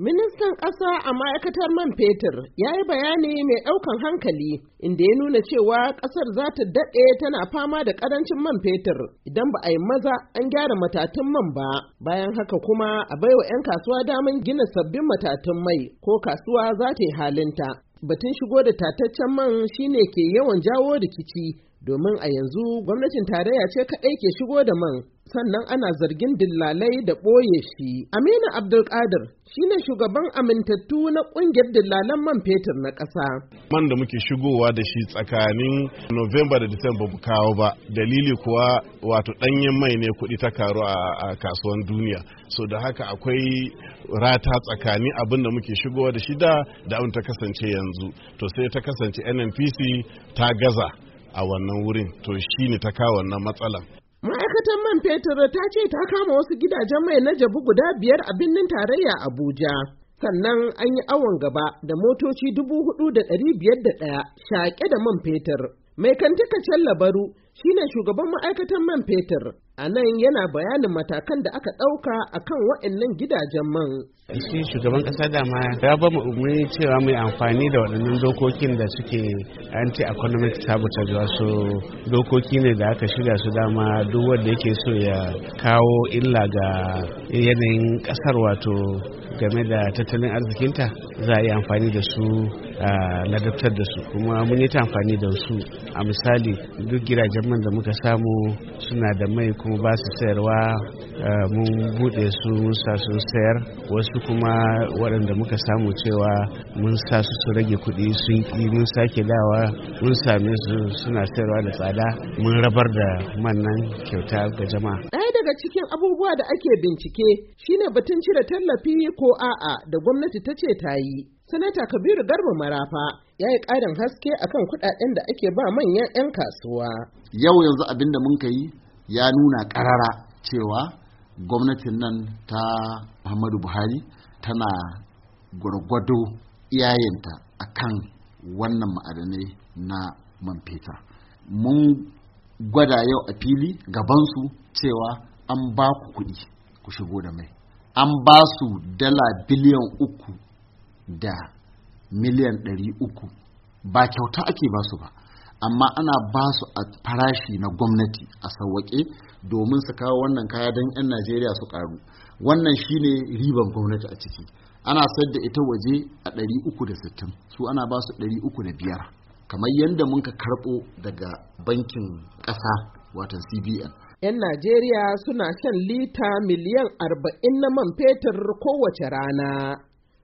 Ministan ƙasa a ma'aikatar man fetur ya yi bayani mai ɗaukan hankali inda ya nuna cewa ƙasar za ta daɗe tana fama da ƙarancin man fetur idan ba a yi maza an gyara matatun man ba. Bayan haka kuma a baiwa 'yan kasuwa damar gina sabbin matatun mai ko kasuwa za ta yi halinta. Batun shigo da tataccen man shine ke yawan jawo rikici domin a yanzu gwamnatin tarayya ce kaɗai ke shigo da man sannan ana zargin dillalai da ɓoye shi. Aminu Abdulkadir shi ne shugaban amintattu na ƙungiyar dillalan man fetur na ƙasa. Man da muke shigowa da shi tsakanin Novemba da Disamba bu kawo ba, dalili kuwa wato ɗanyen mai ne kuɗi ta karu a kasuwan duniya. So da haka akwai rata tsakanin abin da muke shigowa da shi da da ta kasance yanzu. To sai ta kasance NNPC ta gaza. a wannan wurin to shi ne ta kawo wannan matsalan Ma'aikatan man fetur ta ce ta kama wasu gidajen mai na jabu guda biyar a birnin tarayya abuja sannan an yi awon gaba da motoci dubu hudu da ɗari biyar da ɗaya shaƙe da man fetur mai kantika labaru shine shugaban ma'aikatan man fetur a nan yana bayanin matakan da aka ɗauka a kan waɗannan gidajen man. shi shugaban ƙasa dama ya ba mu umarni cewa mai amfani da waɗannan dokokin da suke anti-economic sabotage wasu dokoki ne da aka shiga su dama duk wanda yake so ya kawo illa ga yanayin ƙasar wato game da tattalin arzikinta za a yi amfani da su ladabtar da su kuma mun yi ta amfani da su a misali duk gidajen man da muka samu suna da mai kuma ba su sayarwa mun bude su mun sa su sayar wasu kuma waɗanda muka samu cewa mun sa su su rage kuɗi sun ƙi mun sake dawa mun same su suna sayarwa da tsada mun rabar da man nan kyauta ga jama'a ɗaya daga cikin abubuwa da ake bincike shine batun cire tallafi ko a'a da gwamnati ta ce ta yi. Sanata Kabiru Garba Marafa ya yi ƙarin haske akan kuɗaɗen da ake ba manyan 'yan kasuwa. Yau yanzu abin da mun ka yi ya nuna ƙarara cewa gwamnatin nan ta Muhammadu Buhari tana gwargwado iyayenta a kan wannan ma'adanai na man fetur. Mun gwada yau a fili gabansu cewa an ba ku kuɗi ku shigo da mai. An ba su dala biliyan uku da miliyan 300 ba kyauta ake ba su ba amma ana ba su a farashi na gwamnati a sauwaƙe domin su kawo wannan kaya don 'yan najeriya su karu wannan shine riban gwamnati a ciki ana sayar da ita waje a 360 su ana ba su 305 kamar yadda muka karɓo daga bankin ƙasa wato cbn 'yan najeriya suna shan lita miliyan 40 na man fetur kowace rana